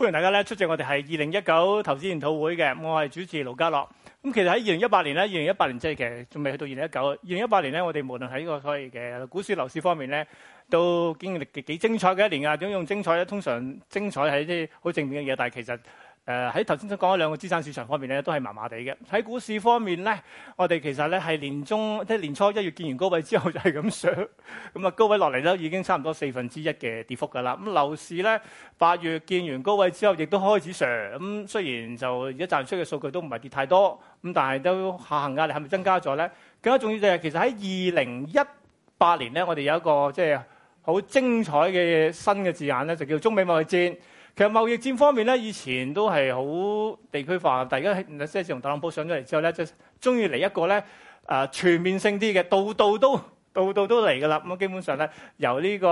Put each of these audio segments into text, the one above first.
歡迎大家咧出席我哋係二零一九投資研討會嘅，我係主持盧家樂。咁其實喺二零一八年咧，二零一八年即係其實仲未去到二零一九。二零一八年咧，我哋無論喺呢個所謂嘅股市、樓市方面咧，都經歷幾幾精彩嘅一年啊。點用精彩咧？通常精彩係啲好正面嘅嘢，但係其實誒喺頭先都講咗兩個資產市場方面咧，都係麻麻地嘅。喺股市方面咧，我哋其實咧係年中即係年初一月見完高位之後就係咁上，咁、嗯、啊高位落嚟咧已經差唔多四分之一嘅跌幅㗎啦。咁、嗯、樓市咧八月見完高位之後，亦都開始上，咁、嗯、雖然就而家賺出嘅數據都唔係跌太多，咁、嗯、但係都下行壓力係咪增加咗咧？更加重要就係其實喺二零一八年咧，我哋有一個即係好精彩嘅新嘅字眼咧，就叫做中美貿易戰。其實貿易戰方面咧，以前都係好地區化，大家即係自從特朗普上咗嚟之後咧，就中意嚟一個咧，誒全面性啲嘅，度度都度度都嚟㗎啦。咁基本上咧，這個，由呢、這個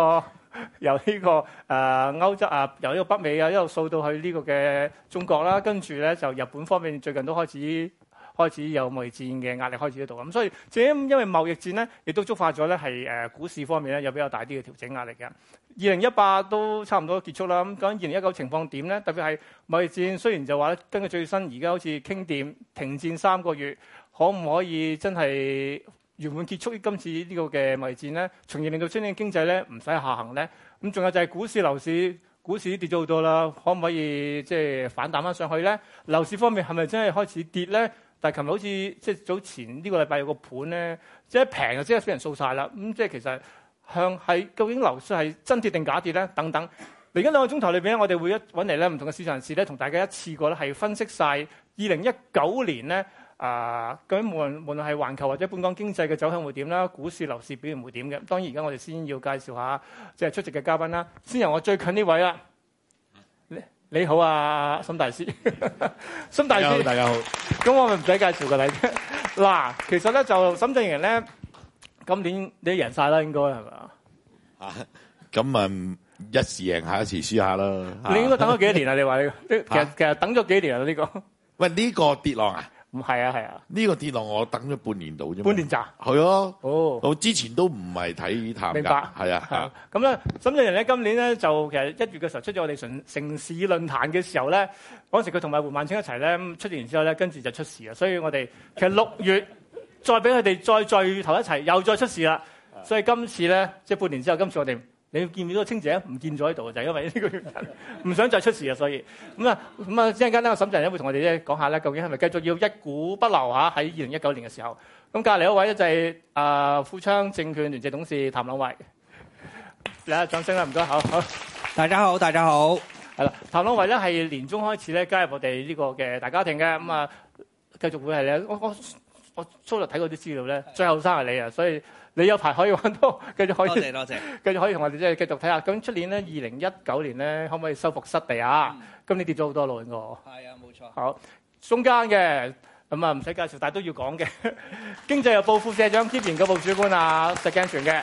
由呢個誒歐洲啊，由呢個北美啊一路掃到去呢個嘅中國啦，跟住咧就日本方面最近都開始。開始有貿易戰嘅壓力開始喺度咁，所以正因為貿易戰咧，亦都觸發咗咧係誒股市方面咧有比較大啲嘅調整壓力嘅。二零一八都差唔多結束啦。咁講二零一九情況點咧？特別係貿易戰，雖然就話根據最新而家好似傾掂停戰三個月，可唔可以真係圓滿結束於今次呢個嘅貿易戰咧？從而令到香港經濟咧唔使下行咧？咁仲有就係股市、樓市，股市跌咗好多啦，可唔可以即係、就是、反彈翻上去咧？樓市方面係咪真係開始跌咧？但係琴日好似即係早前呢個禮拜有個盤咧，即係平就即係俾人掃晒啦。咁、嗯、即係其實向係究竟樓市係真跌定假跌咧？等等。嚟緊兩個鐘頭裏邊咧，我哋會一揾嚟咧唔同嘅市場人士咧，同大家一次過咧係分析晒二零一九年咧啊、呃、究竟無論無論係環球或者本港經濟嘅走向會點啦，股市樓市表現會點嘅。當然而家我哋先要介紹下即係、就是、出席嘅嘉賓啦。先由我最近呢位啦。你好啊，沈大師。沈大師，大家好。咁我咪唔使介紹噶啦。嗱，其實咧就沈振盈咧，今年你贏曬啦，應該係咪？啊，咁啊，一次贏下，一次輸下啦。你應該等咗幾多年啊？你話你，即係其實其實等咗幾年啊？呢個喂，呢個跌浪啊！唔係啊，係啊！呢個跌落我等咗半年度啫嘛，半年咋？係啊，哦，我之前都唔係睇探，明白，係啊，咁咧沈振盈咧今年咧就其實一月嘅時候出咗我哋城城市論壇嘅時候咧，嗰時佢同埋胡孟青一齊咧出嚟之後咧，跟住就出事啦。所以我哋其實六月再俾佢哋再聚頭一齊，又再出事啦。所以今次咧即係半年之後，今次我哋。你見唔見到清姐唔見咗喺度啊，就因為呢個原因，唔想再出事啊，所以咁啊，咁啊，即係間咧，個沈振英會同我哋咧講下咧，究竟係咪繼續要一股不留下喺二零一九年嘅時候，咁隔籬一位就係、是、啊、呃、富昌證券聯席董事譚朗維，嚟啊！掌聲啦，唔該。好，大家好，大家好，係啦，譚朗維咧係年中開始咧加入我哋呢個嘅大家庭嘅，咁啊，繼續會係咧，我我我粗略睇過啲資料咧，是的最後生係你啊，所以。你有排可以揾到。謝謝，謝謝，繼續可以多謝，多謝，繼續可以同我哋即係繼續睇下。咁出年咧，二零一九年咧，可唔可以收復失地啊？嗯、今年跌咗好多路喎。係啊，冇錯。好，中間嘅咁啊，唔使介紹，但係都要講嘅。經濟日報副社長兼研究部主管啊，石鏡泉嘅。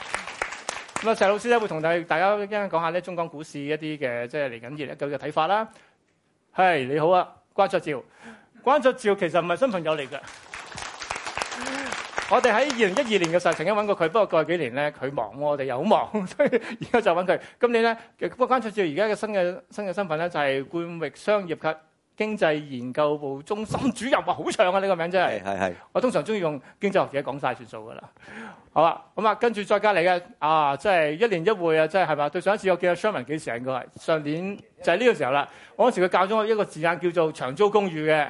咁啊，石老師咧會同大大家一陣間講一下咧中港股市一啲嘅即係嚟緊二零一九嘅睇法啦。係、hey, 你好啊，關卓照。關卓照其實唔係新朋友嚟嘅。我哋喺二零一二年嘅時候曾經揾過佢，不過過去幾年， 年呢，佢忙，我哋又好忙，所以而家就揾佢。今年咧，不過關焯照而家嘅新嘅新嘅身份呢，就係、是、冠域商業及經濟研究部中心主任，哇！好長啊呢，這個名字真係。我通常鍾意用經濟學嘢講晒算數㗎啦。好啊，咁啊，跟住再隔離嘅啊，即係一年一會啊，即係係嘛？對上一次我見得 Sharon 幾時嚟過？上年就係呢個時候啦。嗰時佢教咗我一個字眼叫做長租公寓嘅。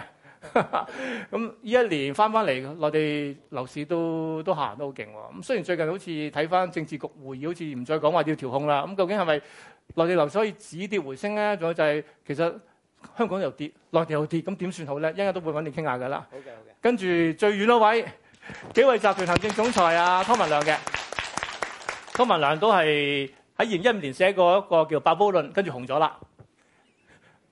咁呢 一年翻翻嚟，內地樓市都都行得好勁喎。咁雖然最近好似睇翻政治局會議，好似唔再講話要調控啦。咁究竟係咪內地樓市可以止跌回升咧？仲有就係、是、其實香港又跌，內地又跌，咁點算好咧？一陣都會揾你傾下㗎啦。好嘅，好嘅。跟住最遠嗰位，幾位集團行政總裁啊湯文亮嘅，湯文亮都係喺二零一五年寫過一個叫《八煲論》，跟住紅咗啦。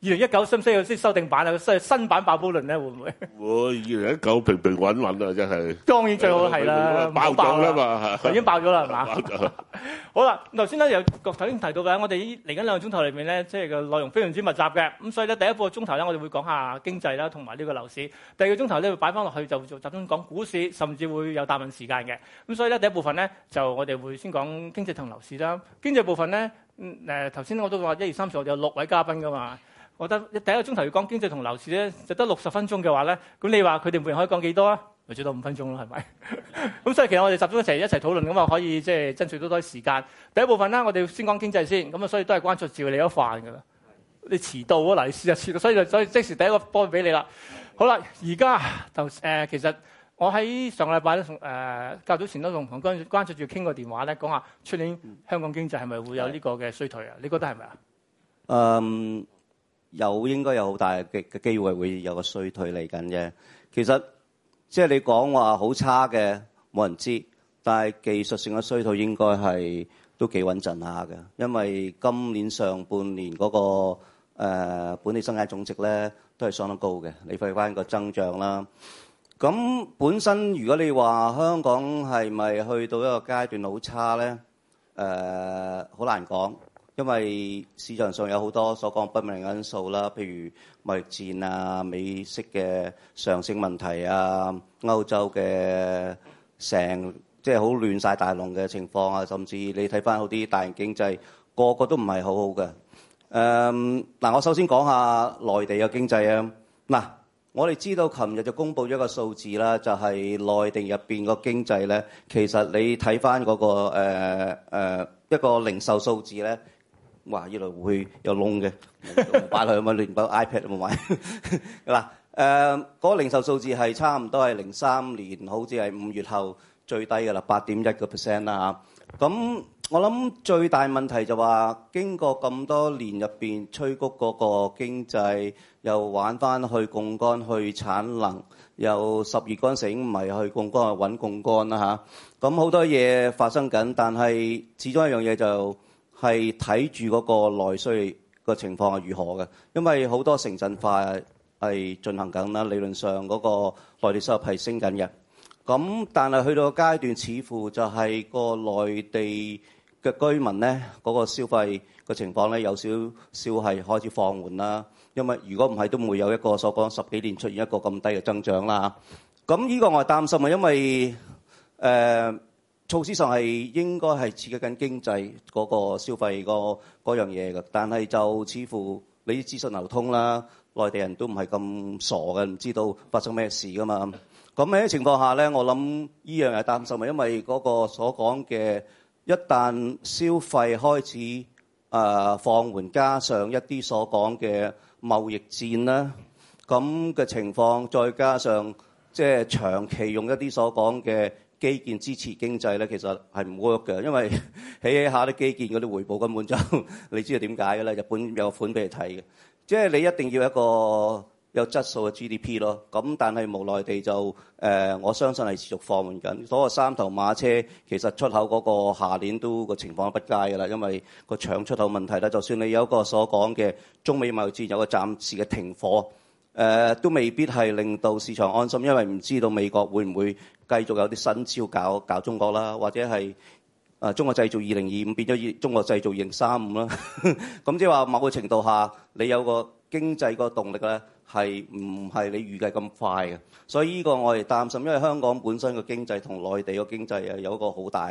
二零一九需唔需要先修訂版啊？新新版《爆煲論呢》咧會唔會？會二零一九平平穩穩啊、就是！真係當然最好係啦，爆咗啦嘛，已經爆咗啦，係嘛好啦。頭先咧又頭先提到嘅，我哋嚟緊兩個鐘頭裏面咧，即係個內容非常之密集嘅咁，所以咧第一個鐘頭咧，我哋會講下經濟啦，同埋呢個樓市。第二個鐘頭咧，擺翻落去就就集中講股市，甚至會有答問時間嘅咁。所以咧第一部分咧，就我哋會先講經濟同樓市啦。經濟部分咧，誒頭先我都話一二三十我哋有六位嘉賓㗎嘛，我覺得第一個鐘頭要講經濟同樓市咧，就得六十分鐘嘅話咧，咁你話佢哋每人可以講幾多啊？咪最多五分鐘咯，係咪？咁 所以其實我哋集中一齊一齊討論咁啊，可以即係爭取多啲時間。第一部分啦，我哋要先講經濟先。咁啊是，所以都係關注住你一範㗎啦。你遲到啊，黎 Sir 遲到，所以所以即時第一個波俾你啦。是好啦，而家就誒，其實我喺上個禮拜咧，從、呃、誒較早前都同黃君關注住傾過電話咧，講下出年香港經濟係咪會有呢個嘅衰退啊？是你覺得係咪啊？誒、嗯。有，應該有好大嘅機會會有個衰退嚟緊嘅。其實即係你講話好差嘅，冇人知。但係技術性嘅衰退應該係都幾穩陣下嘅，因為今年上半年嗰、個、呃、本地生產總值咧都係相當高嘅，你輝關於個增長啦。咁本身如果你話香港係咪去到一個階段好差咧，誒、呃、好難講。因為市場上有好多所講不明因素啦，譬如貿易戰啊、美息嘅上升問題啊、歐洲嘅成即係好亂晒大龍嘅情況啊，甚至你睇翻好啲大型經濟，個個都唔係好好嘅。誒、嗯、嗱，我首先講下內地嘅經濟啊。嗱，我哋知道琴日就公布咗一個數字啦，就係、是、內地入面個經濟咧，其實你睇翻嗰個誒、呃呃、一個零售數字咧。哇！依度會有窿嘅，買嚟有冇連包 iPad 都冇買？嗱、 嗯，誒，嗰個零售數字係差唔多係零三年，好似係五月後最低㗎啦，八點一個 percent 啦嚇。咁我諗最大問題就話、是，經過咁多年入邊，吹谷嗰個經濟又玩翻去槓桿，去產能又十月乾醒，唔係去槓桿去揾槓桿啦嚇。咁好多嘢發生緊，但係始終一樣嘢就，係睇住嗰個內需個情況係如何嘅，因為好多城鎮化係進行緊啦，理論上嗰個內地收入係升緊嘅。咁但係去到階段，似乎就係個內地嘅居民咧，嗰個消費個情況咧有少少係開始放緩啦。因為如果唔係，都唔會有一個所講十幾年出現一個咁低嘅增長啦。咁呢個我係擔心啊，因為誒。呃措施上係應該係刺激緊經濟嗰個消費個嗰樣嘢嘅，但係就似乎你資訊流通啦，內地人都唔係咁傻嘅，唔知道發生咩事㗎嘛。咁喺情況下咧，我諗呢樣係擔心啊，因為嗰個所講嘅一旦消費開始啊、呃、放緩，加上一啲所講嘅貿易戰啦，咁嘅情況，再加上即係長期用一啲所講嘅。基建支持經濟咧，其實係唔 work 嘅，因為起起下啲基建嗰啲回報根本就，你知道點解嘅咧？日本有款俾你睇嘅，即係你一定要一個有質素嘅 GDP 咯。咁但係無奈地就誒、呃，我相信係持續放緩緊。所謂三頭馬車其實出口嗰個下年都個情況都不佳嘅啦，因為個搶出口問題啦。就算你有個所講嘅中美貿易戰有個暫時嘅停火。誒、呃、都未必係令到市場安心，因為唔知道美國會唔會繼續有啲新招搞搞中國啦，或者係、呃、中國製造二零二五變咗中國製造二零三五啦。咁、嗯、即係話某個程度下，你有個經濟個動力咧，係唔係你預計咁快嘅？所以呢個我係擔心，因為香港本身個經濟同內地個經濟、誒、有一個好大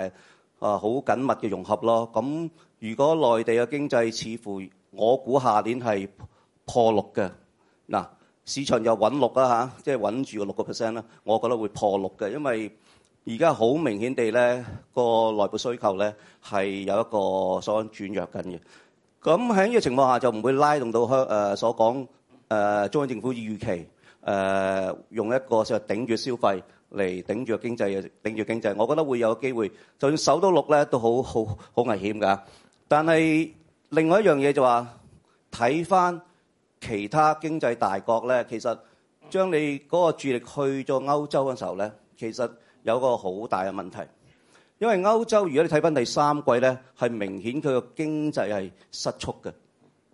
啊好緊密嘅融合咯。咁、嗯、如果內地嘅經濟似乎我估下年係破六嘅嗱。呃市場又穩六啦嚇，即係穩住個六個 percent 啦。我覺得會破六嘅，因為而家好明顯地咧，個內部需求咧係有一個所謂轉弱緊嘅。咁喺呢個情況下就唔會拉動到香、誒、所講誒、中央政府預期誒、用一個所謂頂住消費嚟頂住經濟嘅頂住經濟。我覺得會有機會，就算守到六咧都好好好危險㗎。但係另外一樣嘢就話睇翻。其他經濟大國咧，其實將你嗰個注力去咗歐洲嘅時候咧，其實有個好大嘅問題，因為歐洲如果你睇翻第三季咧，係明顯佢個經濟係失速嘅。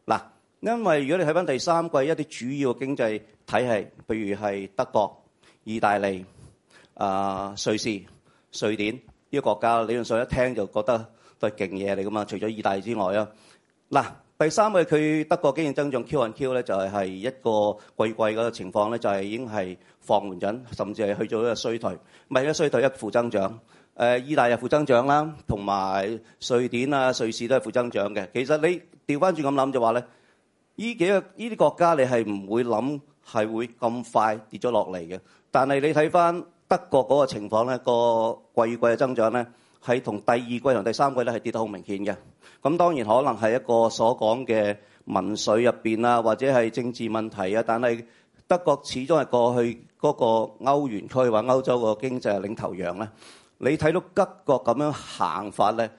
嗱，因為如果你睇翻第三季一啲主要嘅經濟體系，譬如係德國、意大利、啊、呃、瑞士、瑞典呢個國家，理論上一聽就覺得都係勁嘢嚟噶嘛。除咗意大利之外啊，嗱。第三個佢德國經濟增長 Q Q 呢，就係一個季季嗰個情況呢就係已經係放緩緊，甚至係去做一個衰退，咪一衰退一負增長。誒，意大利負增長啦，同埋瑞典啊、瑞士都係負增長嘅。其實你調返轉咁諗就話呢，呢幾個呢啲國家你係唔會諗係會咁快跌咗落嚟嘅。但係你睇返德國嗰個情況呢、呢個季季嘅增長呢。係同第二季同第三季咧係跌得好明顯嘅，咁當然可能係一個所講嘅民粹入面啊，或者係政治問題啊，但係德國始終係過去嗰個歐元區或歐洲個經濟係領頭羊咧，你睇到德國咁樣行法咧，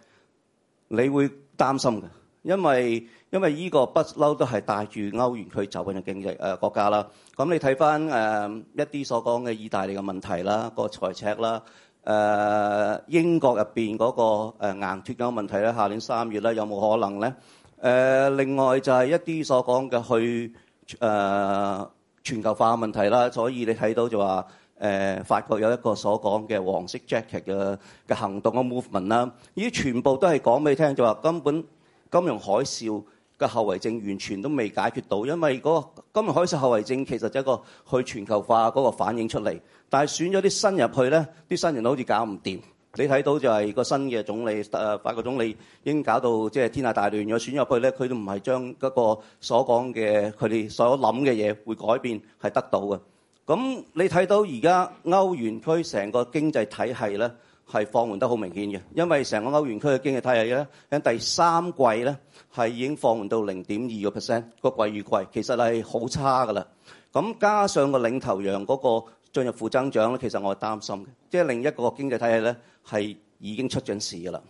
你會擔心嘅，因為因為呢個不嬲都係帶住歐元區走緊嘅經濟誒國家啦。咁你睇翻誒一啲所講嘅意大利嘅問題啦，個財赤啦。誒、uh, 英國入邊嗰個硬脫緊、no、問題咧，下年三月咧有冇可能咧？誒、uh, 另外就係一啲所講嘅去誒、uh, 全球化嘅問題啦，所以你睇到就話誒、uh, 法國有一個所講嘅黃色 jacket 嘅嘅行動嘅 movement 啦，呢啲全部都係講俾你聽，就話根本金融海嘯。個後遺症完全都未解決到，因為嗰個金融海嘯後遺症其實就係一個去全球化嗰個反映出嚟，但係選咗啲新入去咧，啲新人都好似搞唔掂。你睇到就係個新嘅總理，法國總理已經搞到即係天下大亂。如果選入去咧，佢都唔係將嗰個所講嘅佢哋所諗嘅嘢會改變係得到嘅。咁你睇到而家歐元區成個經濟體系咧？係放緩得好明顯嘅，因為成個歐元區嘅經濟體系咧，喺第三季咧係已經放緩到零點二個 percent，個季與季其實係好差㗎啦。咁加上個領頭羊嗰個進入負增長咧，其實我係擔心嘅，即係另一個經濟體系咧係已經出咗事㗎啦。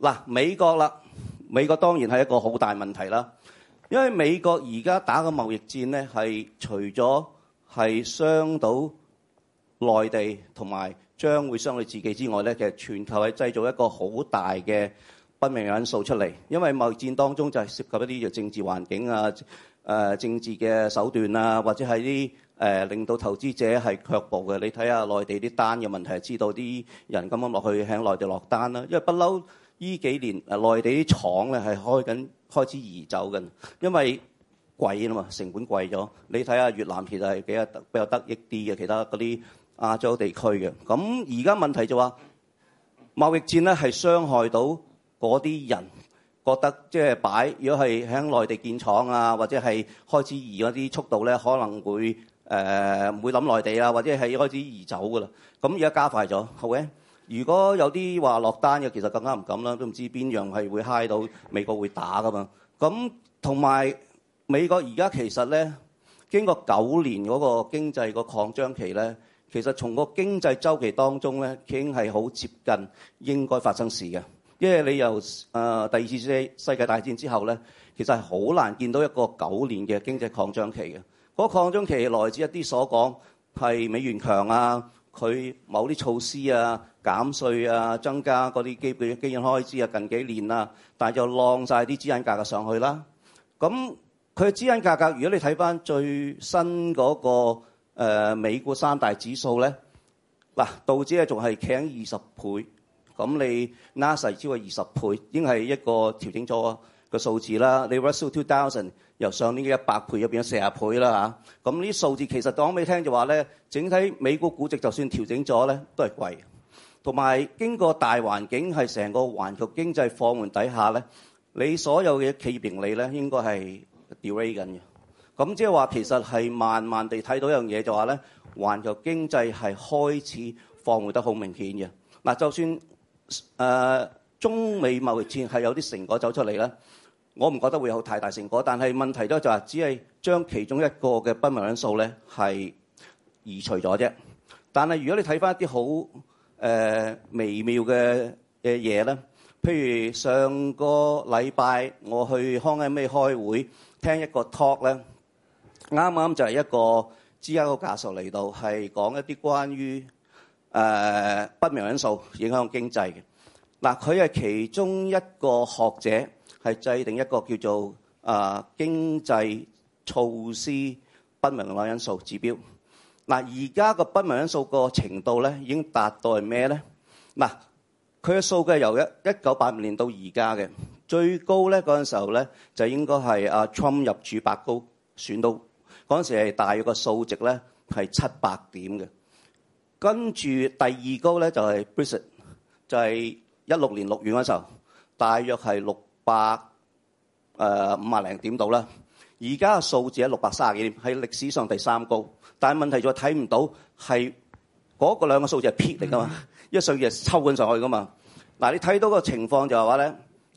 嗱，美國啦，美國當然係一個好大問題啦，因為美國而家打個貿易戰咧係除咗係傷到內地同埋。將會傷害自己之外咧，其實全球係製造一個好大嘅不明因素出嚟，因為貿易戰當中就係涉及一啲嘅政治環境啊、誒、呃、政治嘅手段啊，或者係啲誒令到投資者係卻步嘅。你睇下內地啲單嘅問題，知道啲人咁樣落去喺內地落單啦、啊，因為不嬲呢幾年誒內地啲廠咧係開緊開始移走嘅，因為貴啊嘛，成本貴咗。你睇下越南其實係比較比較得益啲嘅，其他嗰啲。亞洲地區嘅，咁而家問題就話貿易戰咧，係傷害到嗰啲人覺得即係擺。如果係喺內地建廠啊，或者係開始移嗰啲速度咧，可能會誒唔、呃、會諗內地啦，或者係開始移走㗎啦。咁而家加快咗，好嘅。如果有啲話落單嘅，其實更加唔敢啦，都唔知邊樣係會嗨到美國會打㗎嘛。咁同埋美國而家其實咧，經過九年嗰個經濟個擴張期咧。其實從個經濟周期當中咧，已經係好接近應該發生事嘅。因為你由誒、呃、第二次世世界大戰之後咧，其實係好難見到一個九年嘅經濟擴張期嘅。個擴張期來自一啲所講係美元強啊，佢某啲措施啊減稅啊，增加嗰啲基本基本開支啊，近幾年啊，但係就浪晒啲資產價格上去啦。咁佢嘅資產價格，如果你睇翻最新嗰、嗰個。誒、呃、美國三大指數咧，嗱、啊、道指咧仲係企喺二十倍，咁你納指超過二十倍，已經係一個調整咗個數字啦。你 Russell Two Thousand 由上年嘅一百倍入變咗四十倍啦嚇。咁呢啲數字其實講俾你聽就話咧，整體美國估值就算調整咗咧，都係貴。同埋經過大環境係成個環球經濟放緩底下咧，你所有嘅企業盈利咧應該係掉尾緊嘅。咁即係話，其實係慢慢地睇到一樣嘢，就話咧，環球經濟係開始放緩得好明顯嘅。嗱，就算誒、呃、中美貿易戰係有啲成果走出嚟啦，我唔覺得會有太大成果。但係問題都就係只係將其中一個嘅不明因素咧係移除咗啫。但係如果你睇翻一啲好誒微妙嘅嘅嘢咧，譬如上個禮拜我去康恩威開會，聽一個 talk 咧。啱啱就係一個之一個假想嚟到，係講一啲關於誒、呃、不明因素影響經濟嘅。嗱、呃，佢係其中一個學者係制定一個叫做誒、呃、經濟措施不明因素指標。嗱、呃，而家個不明因素個程度咧已經達到係咩咧？嗱、呃，佢嘅數據由一一九八五年到而家嘅最高咧嗰陣時候咧就應該係阿 t r u m 入主白高選到。嗰陣時係大約個數值咧係七百點嘅，跟住第二高咧就係 Brexit 就係一六年六月嗰時候，大約係六百誒五萬零點到啦。而家嘅數字喺六百卅幾點，係歷史上第三高。但係問題就係睇唔到係嗰個兩個數字係 peak 嚟噶嘛，一上月係抽緊上去噶嘛。嗱，你睇到個情況就係話咧，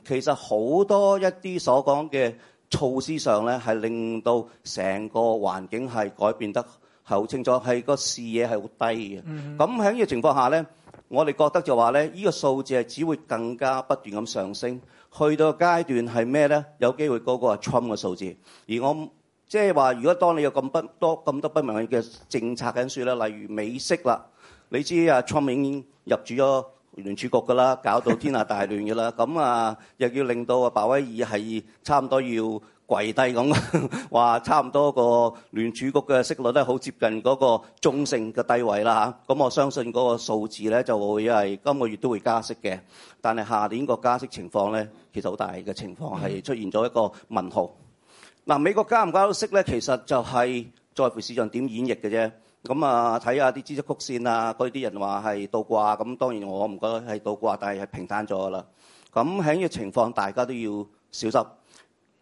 其實好多一啲所講嘅。措施上咧，係令到成個環境係改變得係好清楚，係個視野係好低嘅。咁喺呢個情況下咧，我哋覺得就話咧，呢個數字係只會更加不斷咁上升，去到階段係咩咧？有機會高過阿 Trump 嘅數字。而我即係話，如果當你有咁不多咁多不明嘅政策緊説咧，例如美息啦，你知阿 Trump 已經入主咗聯儲局噶啦，搞到天下大亂噶啦，咁啊， 又要令到阿鮑威爾係差唔多要跪低咁，話差唔多個聯儲局嘅息率咧，好接近嗰個中性嘅低位啦。咁我相信嗰個數字咧，就會係今個月都會加息嘅。但係下年個加息情況咧，其實好大嘅情況係出現咗一個問號。嗱，美國加唔加息咧，其實就係、是。在乎市場點演繹嘅啫，咁啊睇下啲資質曲線啊，嗰啲人話係倒掛，咁當然我唔覺得係倒掛，但係係平坦咗啦。咁喺呢個情況，大家都要小心，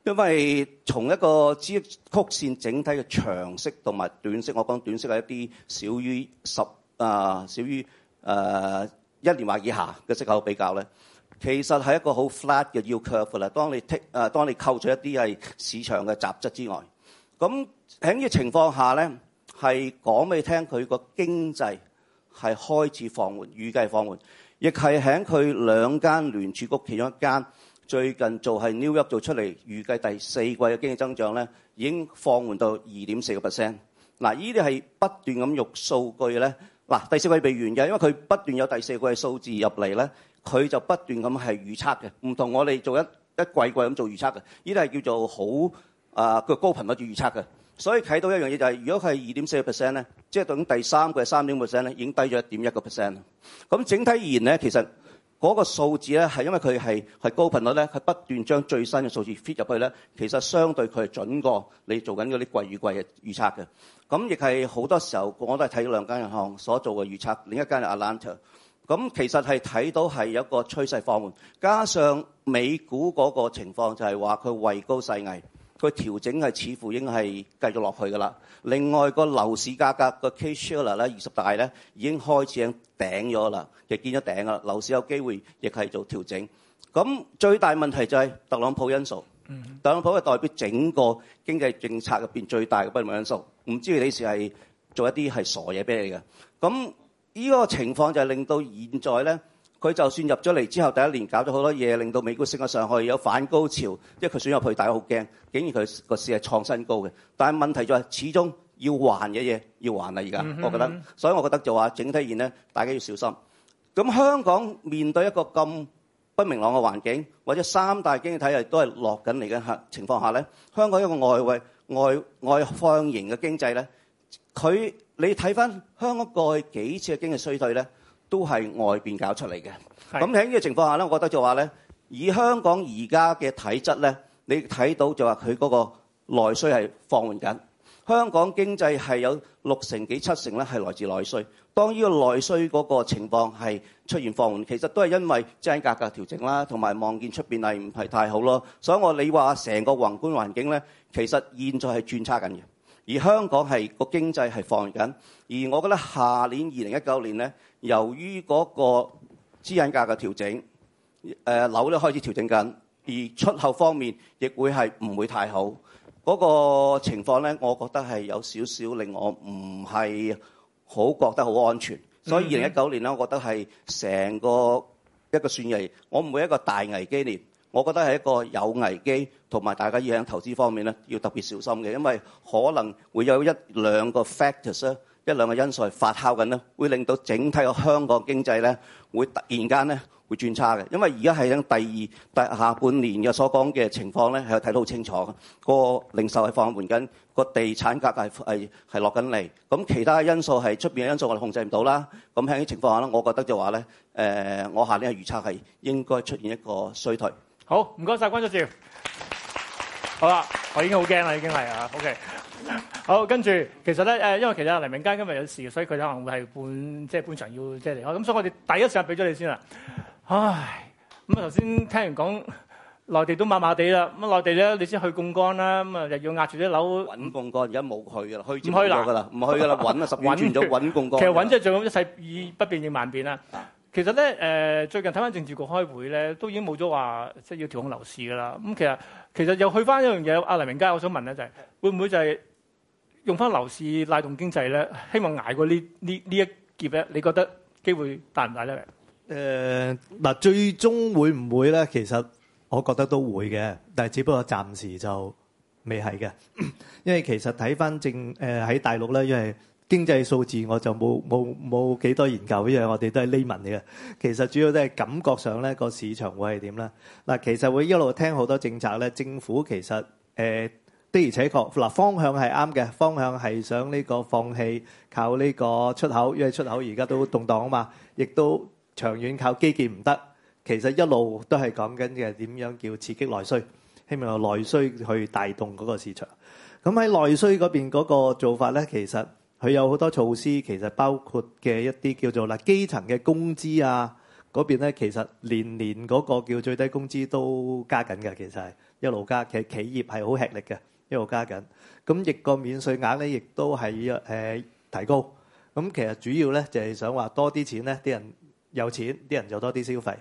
因為從一個資質曲線整體嘅長息同埋短息，我講短息係一啲少於十啊少於誒、啊、一年或以下嘅息口比較咧，其實係一個好 flat 嘅 U curve 啦。當你剔誒，當你扣除一啲係市場嘅雜質之外，咁。喺呢個情況下咧，係講俾你聽，佢個經濟係開始放緩，預計放緩，亦係喺佢兩間聯儲局其中一間最近做係 New York 做出嚟預計第四季嘅經濟增長咧，已經放緩到二點四個 percent。嗱，呢啲係不斷咁用數據咧。嗱，第四季未完嘅，因為佢不斷有第四季嘅數字入嚟咧，佢就不斷咁係預測嘅，唔同我哋做一一季一季咁做預測嘅。呢啲係叫做好啊個高頻率預測嘅。所以睇到一樣嘢就係，如果佢係二點四個 percent 呢，即係等第三個係三點 percent 呢，已經低咗一點一個 percent。咁整體而言呢，其實嗰個數字呢，係因為佢係係高頻率呢，佢不斷將最新嘅數字 fit 入去呢，其實相對佢係準過你做緊嗰啲季與季嘅預測嘅。咁亦係好多時候我都係睇到兩間銀行所做嘅預測，另一間係 Atlanta。咁其實係睇到係有一個趨勢放緩，加上美股嗰個情況就係話佢位高勢危。個調整係似乎已經係繼續落去㗎啦。另外個樓市價格個 Case-Shiller 咧二十大咧已經開始應頂咗啦，亦見咗頂啦。樓市有機會亦係做調整。咁最大問題就係特朗普因素。嗯、哼特朗普係代表整個經濟政策入邊最大嘅不利因素。唔知你試係做一啲係傻嘢畀你嘅？咁呢、呢個情況就係令到現在咧。佢就算入咗嚟之後，第一年搞咗好多嘢，令到美股升咗上去，有反高潮。因為佢輸入配，大家好驚，竟然佢個市係創新高嘅。但係問題就係，始終要還嘅嘢要還啦。而家，我覺得，所以我覺得就話整體而言咧，大家要小心。咁香港面對一個咁不明朗嘅環境，或者三大經濟體系都係落緊嚟嘅情況下咧，香港一個外匯外外放型嘅經濟咧，佢你睇翻香港過去幾次嘅經濟衰退咧。都係外邊搞出嚟嘅。咁喺呢個情況下咧，我覺得就話咧，以香港而家嘅體質咧，你睇到就話佢嗰個內需係放緩緊。香港經濟係有六成幾七成咧係來自內需。當呢個內需嗰個情況係出現放緩，其實都係因為即係價格調整啦，同埋望見出邊係唔係太好咯。所以我你話成個宏觀環境咧，其實現在係轉差緊嘅。而香港係個經濟係放緩緊，而我覺得下年二零一九年咧。由於嗰個資產價嘅調整，呃、樓、咧開始調整緊，而出口方面亦會係唔會太好，嗰、那個情況咧，我覺得係有少少令我唔係好覺得好安全，所以二零一九年咧，我覺得係成個一個算係我唔會一個大危機年，我覺得係一個有危機，同埋大家要喺投資方面咧要特別小心嘅，因為可能會有一兩個 factors 咧。一兩個因素發酵緊咧，會令到整體個香港經濟咧，會突然間咧會轉差嘅。因為而家係喺第二、第下半年嘅所講嘅情況咧，係睇得好清楚嘅。個零售係放緩緊，個地產價格係係係落緊嚟。咁其他嘅因素係出邊嘅因素，我哋控制唔到啦。咁喺呢情況下咧，我覺得就話咧，誒，我下年嘅預測係應該出現一個衰退。好，唔該曬關主席。好啦，我已經好驚啦，已經係啊。OK。好，跟住其實咧，誒，因為其實黎明間今日有事，所以佢可能會係半即係、就是、半場要即係離開，咁所以我哋第一時間俾咗你先啦。唉，咁啊頭先聽完講內地都麻麻地啦，咁啊內地咧你先去槓桿啦，咁啊又要壓住啲樓穩槓桿，而家冇去啊，唔去啦，唔去噶啦，穩啊，十點咗穩槓桿。其實穩即係一世以不變應萬變啊。其實咧，誒，最近睇返政治局開會咧，都已經冇咗話即係要調控樓市噶啦。咁、嗯、其實。其實又去翻一樣嘢，阿黎明佳，我想問咧就係，會唔會就係用翻樓市拉動經濟咧？希望捱過呢呢呢一劫咧，你覺得機會大唔大咧？誒嗱，最終會唔會咧？其實我覺得都會嘅，但係只不過暫時就未係嘅，因為其實睇翻正誒喺大陸咧，因為。經濟數字我就冇冇冇幾多研究呢樣，我哋都係 layman 嚟嘅。其實主要都係感覺上咧個市場會係點咧嗱。其實會一路聽好多政策咧，政府其實誒、呃、的而且確嗱方向係啱嘅，方向係想呢個放棄靠呢個出口，因為出口而家都動盪啊嘛，亦都長遠靠基建唔得。其實一路都係講緊嘅點樣叫刺激內需，希望內需去帶動嗰個市場。咁喺內需嗰邊嗰個做法咧，其實～佢有好多措施，其實包括嘅一啲叫做嗱、啊，基層嘅工資啊嗰邊咧，其實年年嗰個叫最低工資都加緊嘅，其實係一路加，其實企業係好吃力嘅一路加緊。咁、那、亦個免稅額咧，亦都係誒、呃、提高。咁其實主要咧就係、是、想話多啲錢咧，啲人有錢，啲人就多啲消費。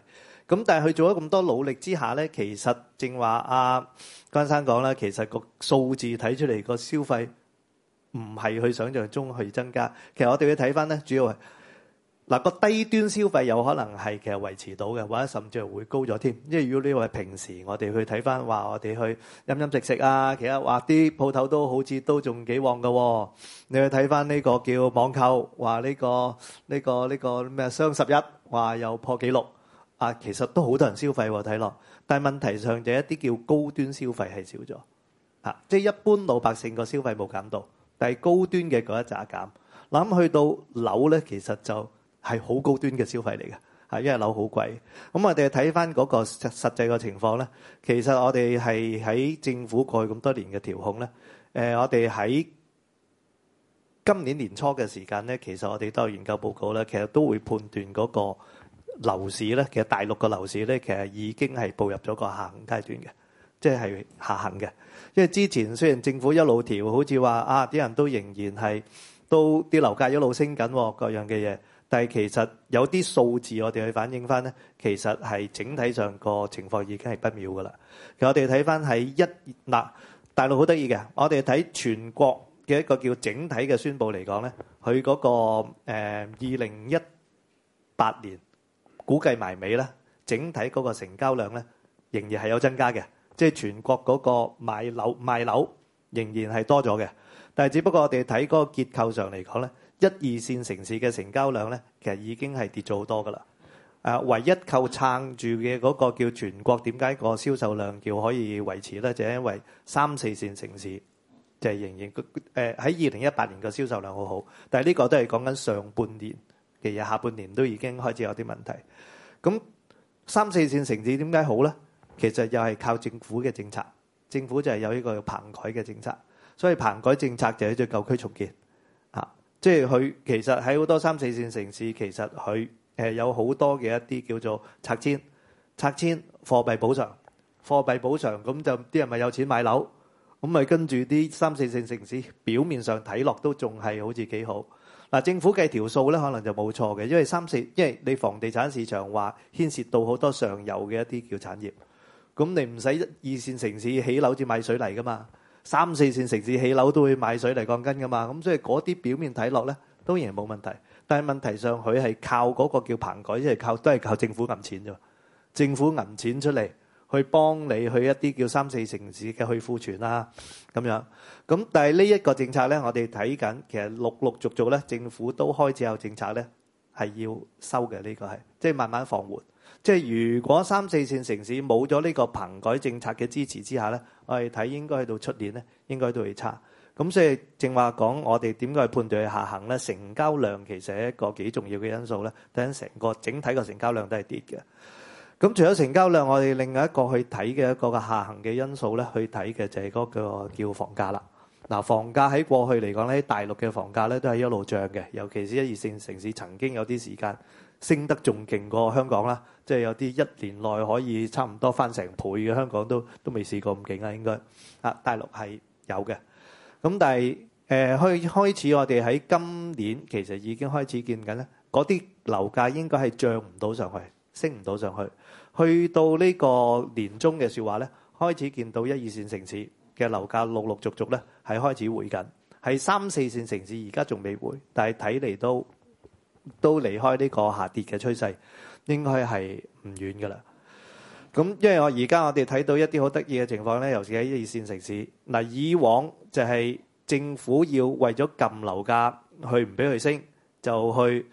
咁但係佢做咗咁多努力之下咧，其實正話啊，關生講啦，其實個數字睇出嚟個消費。唔係去想象中去增加，其實我哋要睇翻咧，主要係嗱個低端消費有可能係其實維持到嘅，或者甚至係會高咗添。因為如果呢個係平時我哋去睇翻話，我哋去飲飲食食啊，其實話啲鋪頭都好似都仲幾旺噶。你去睇翻呢個叫網購，話呢、呢個呢、呢個呢、呢個咩雙、呢個、十一話又破紀錄啊，其實都好多人消費睇落，但係問題上就一啲叫高端消費係少咗吓，即係一般老百姓個消費冇減到。但係高端嘅嗰一紮減，嗱去到樓咧，其實就係好高端嘅消費嚟嘅，嚇，因為樓好貴。咁我哋睇翻嗰個實實際個情況咧，其實我哋係喺政府過去咁多年嘅調控咧，誒，我哋喺今年年初嘅時間咧，其實我哋都有研究報告咧，其實都會判斷嗰個樓市咧，其實大陸個樓市咧，其實已經係步入咗個下行階段嘅，即係下行嘅。即係之前雖然政府一路調，好似話啊啲人都仍然係，都啲樓價一路升緊，各樣嘅嘢。但係其實有啲數字我哋去反映翻咧，其實係整體上個情況已經係不妙噶啦、啊。其實我哋睇翻喺一嗱大陸好得意嘅，我哋睇全國嘅一個叫整體嘅宣佈嚟講咧，佢嗰個、誒二零一八年估計埋尾啦，整體嗰個成交量咧仍然係有增加嘅。即係全國嗰個賣樓賣樓仍然係多咗嘅，但係只不過我哋睇嗰個結構上嚟講咧，一、二線城市嘅成交量咧，其實已經係跌咗好多噶啦。誒、啊，唯一靠撐住嘅嗰個叫全國，點解個銷售量叫可以維持咧？就係、是、因為三四線城市就係、是、仍然誒喺二零一八年個銷售量好好，但係呢個都係講緊上半年，其實下半年都已經開始有啲問題。咁三四線城市點解好咧？其實又係靠政府嘅政策，政府就係有一個棚改嘅政策，所以棚改政策就喺度舊區重建啊。即係佢其實喺好多三四線城市，其實佢有好多嘅一啲叫做拆遷、拆遷貨幣補償、貨幣補償，咁就啲人咪有錢買樓，咁咪跟住啲三四線城市表面上睇落都仲係好似幾好。嗱、啊，政府計條數咧，可能就冇錯嘅，因為三四，因為你房地產市場話牽涉到好多上游嘅一啲叫產業。咁你唔使二線城市起樓至買水泥噶嘛，三四線城市起樓都會買水泥鋼筋噶嘛，咁所以嗰啲表面睇落咧，當然係冇問題。但係問題上佢係靠嗰個叫棚改，即係靠都係靠政府揞錢啫。政府揞錢出嚟去幫你去一啲叫三四城市嘅去庫存啦，咁樣。咁但係呢一個政策咧，我哋睇緊，其實陸陸續續咧，政府都開始有政策咧，係要收嘅。呢個係，即係慢慢放緩。即係如果三四線城市冇咗呢個棚改政策嘅支持之下呢，我哋睇應該喺度出年呢應該都會差。咁所以正話講，我哋點解判斷去下行呢？成交量其實係一個幾重要嘅因素呢，等成個整體嘅成交量都係跌嘅。咁除咗成交量，我哋另外一個去睇嘅一個下行嘅因素呢，去睇嘅就係嗰個叫房價啦。嗱，房價喺過去嚟講呢，大陸嘅房價呢都係一路漲嘅，尤其是一二線城市曾經有啲時間。升得仲勁過香港啦，即係有啲一年內可以差唔多翻成倍嘅，香港都都未試過咁勁呀，應該啊大陸係有嘅。咁但係誒開開始我哋喺今年其實已經開始見緊咧，嗰啲樓價應該係漲唔到上去，升唔到上去。去到呢個年中嘅説話咧，開始見到一二線城市嘅樓價陸陸續續咧係開始回緊，係三四線城市而家仲未回，但係睇嚟都，都離開呢個下跌嘅趨勢，應該係唔遠㗎喇。咁因為現在我而家我哋睇到一啲好得意嘅情況呢，尤其是喺二線城市嗱，以往就係政府要為咗撳樓價，去唔俾佢升，就去誒、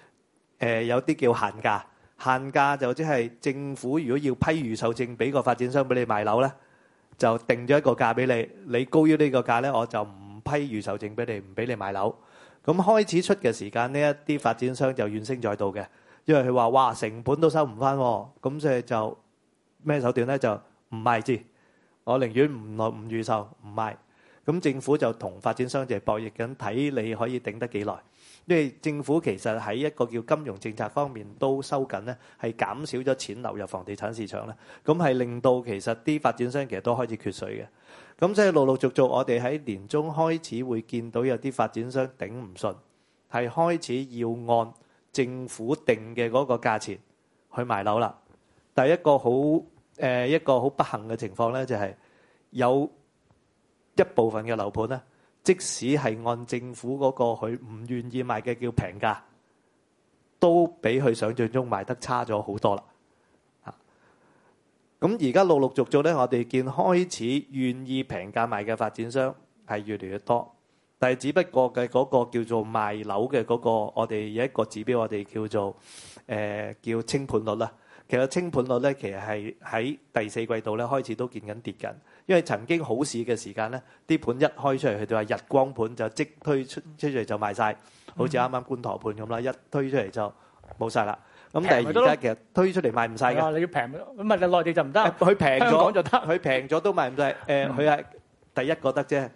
呃、有啲叫限價，限價就即係政府如果要批預售證，俾個發展商俾你賣樓呢，就定咗一個價俾你，你高於呢個價呢，我就唔批預售證俾你，唔俾你賣樓。咁開始出嘅時間，呢一啲發展商就怨聲載道嘅，因為佢話，哇，成本都收唔返，咁所以就咩手段咧？就唔賣至我寧願唔耐唔預售，唔賣。咁政府就同發展商就博弈緊，睇你可以頂得幾耐。因為政府其實喺一個叫金融政策方面都收緊咧，係減少咗錢流入房地產市場啦。咁係令到其實啲發展商其實都開始缺水嘅。咁即係陸陸續續，我哋喺年中開始會見到有啲發展商頂唔順，係開始要按政府定嘅嗰個價錢去賣樓啦。第一個好誒、呃，一個好不幸嘅情況咧，就係、是、有一部分嘅樓盤咧，即使係按政府嗰個佢唔願意賣嘅叫平價，都比佢想象中賣得差咗好多啦。咁而家陸陸續續咧，我哋見開始願意平價賣嘅發展商係越嚟越多，但係只不過嘅嗰、嗰個叫做賣樓嘅嗰個，我哋有一個指標，我哋叫做、呃、叫清盤率啦。其實清盤率咧，其實係喺第四季度咧開始都見緊跌緊，因為曾經好市嘅時間咧，啲盤一開出嚟，佢哋話日光盤就即推出出嚟就賣晒，嗯、好似啱啱觀塘盤咁啦，一推出嚟就冇晒啦。咁但係而家其實推出嚟賣唔晒㗎，你要平，唔係內地就唔得，佢平咗香港就得，佢平咗都賣唔晒。誒，佢係第一個得啫，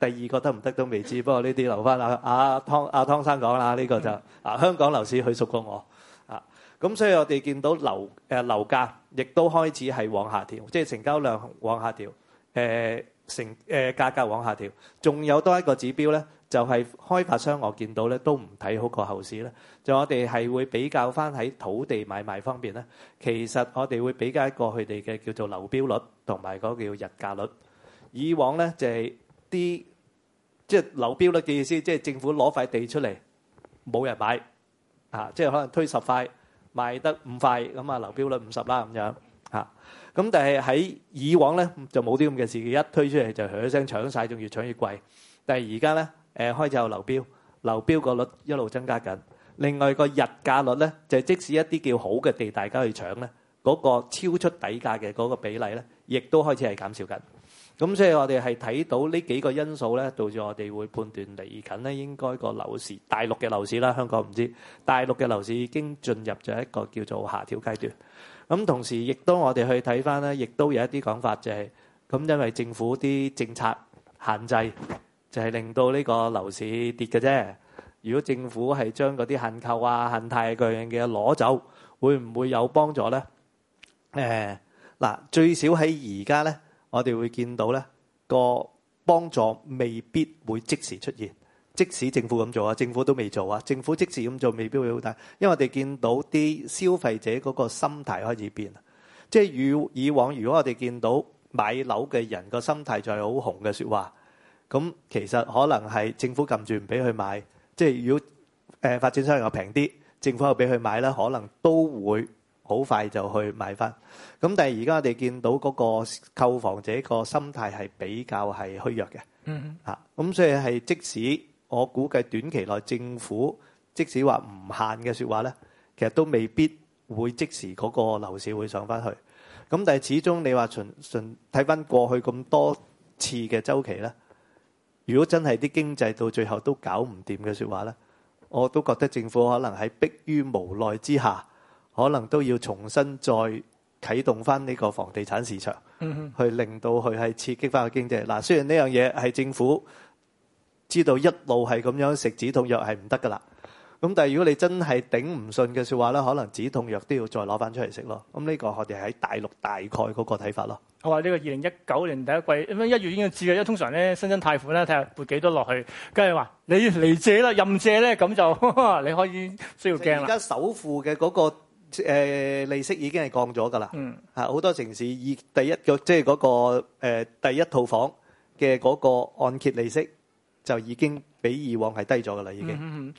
第二個得唔得都未知。不過呢啲留翻阿阿湯阿湯生講啦，呢個就啊香港樓市佢熟過我啊。咁所以我哋見到樓誒樓價亦都開始係往下調，即係成交量往下調。誒。成誒價格往下調，仲有多一個指標咧，就係開發商我見到咧都唔睇好過後市咧。就我哋係會比較翻喺土地買賣方面咧，其實我哋會比較一個佢哋嘅叫做流標率同埋嗰個叫日價率。以往咧就係啲即係流標率嘅意思，即係政府攞塊地出嚟冇人買啊，即係可能推十塊賣得五塊，咁啊流標率五十啦咁樣嚇。咁但係喺以往咧就冇啲咁嘅事，一推出嚟就噏一聲搶晒，仲越搶越貴。但係而家咧，誒開始有流標，流標個率一路增加緊。另外一個日價率咧，就係、即使一啲叫好嘅地，大家去搶咧，嗰、嗰個超出底價嘅嗰個比例咧，亦都開始係減少緊。咁所以我哋係睇到呢幾個因素咧，導致我哋會判斷嚟近咧應該個樓市大陸嘅樓市啦，香港唔知大陸嘅樓市已經進入咗一個叫做下調階段。咁同時看看，亦都我哋去睇返，咧，亦都有一啲講法，就係、是、咁，因為政府啲政策限制，就係令到呢個樓市跌嘅啫。如果政府係將嗰啲限購啊、限貸各樣嘅嘢攞走，會唔會有幫助呢？誒、呃，嗱，最少喺而家呢，我哋會見到呢個幫助未必會即時出現。即使政府咁做啊，政府都未做啊，政府即使咁做，未必會好大，因為我哋見到啲消費者嗰個心態開始變，即係以以往，如果我哋見到買樓嘅人個心態就係好紅嘅說話，咁其實可能係政府撳住唔俾佢買，即係如果誒發展商又平啲，政府又俾佢買啦，可能都會好快就去買翻。咁但係而家我哋見到嗰個購房者個心態係比較係虛弱嘅，嗯，嚇，咁所以係即使。我估計短期內政府即使話唔限嘅說話呢，其實都未必會即時嗰個樓市會上翻去。咁但係始終你話純純睇翻過去咁多次嘅周期呢，如果真係啲經濟到最後都搞唔掂嘅說話呢，我都覺得政府可能喺迫於無奈之下，可能都要重新再啟動翻呢個房地產市場，嗯、哼去令到佢係刺激翻個經濟。嗱，雖然呢樣嘢係政府。知道一路係咁樣食止痛藥係唔得㗎啦。咁但係如果你真係頂唔順嘅説話咧，可能止痛藥都要再攞翻出嚟食咯。咁呢個我哋喺大陸大概嗰個睇法咯。好啊，呢個二零一九年第一季一月已經至嘅，因為通常咧新增貸款咧睇下撥幾多落去，跟住話你要嚟借啦，任借咧，咁就你可以需要驚啦。而家首付嘅嗰個誒利息已經係降咗㗎啦。嗯，係好多城市以第一個即係嗰個誒第一套房嘅嗰個按揭利息。就已經比以往係低咗噶啦，已經、嗯哼哼。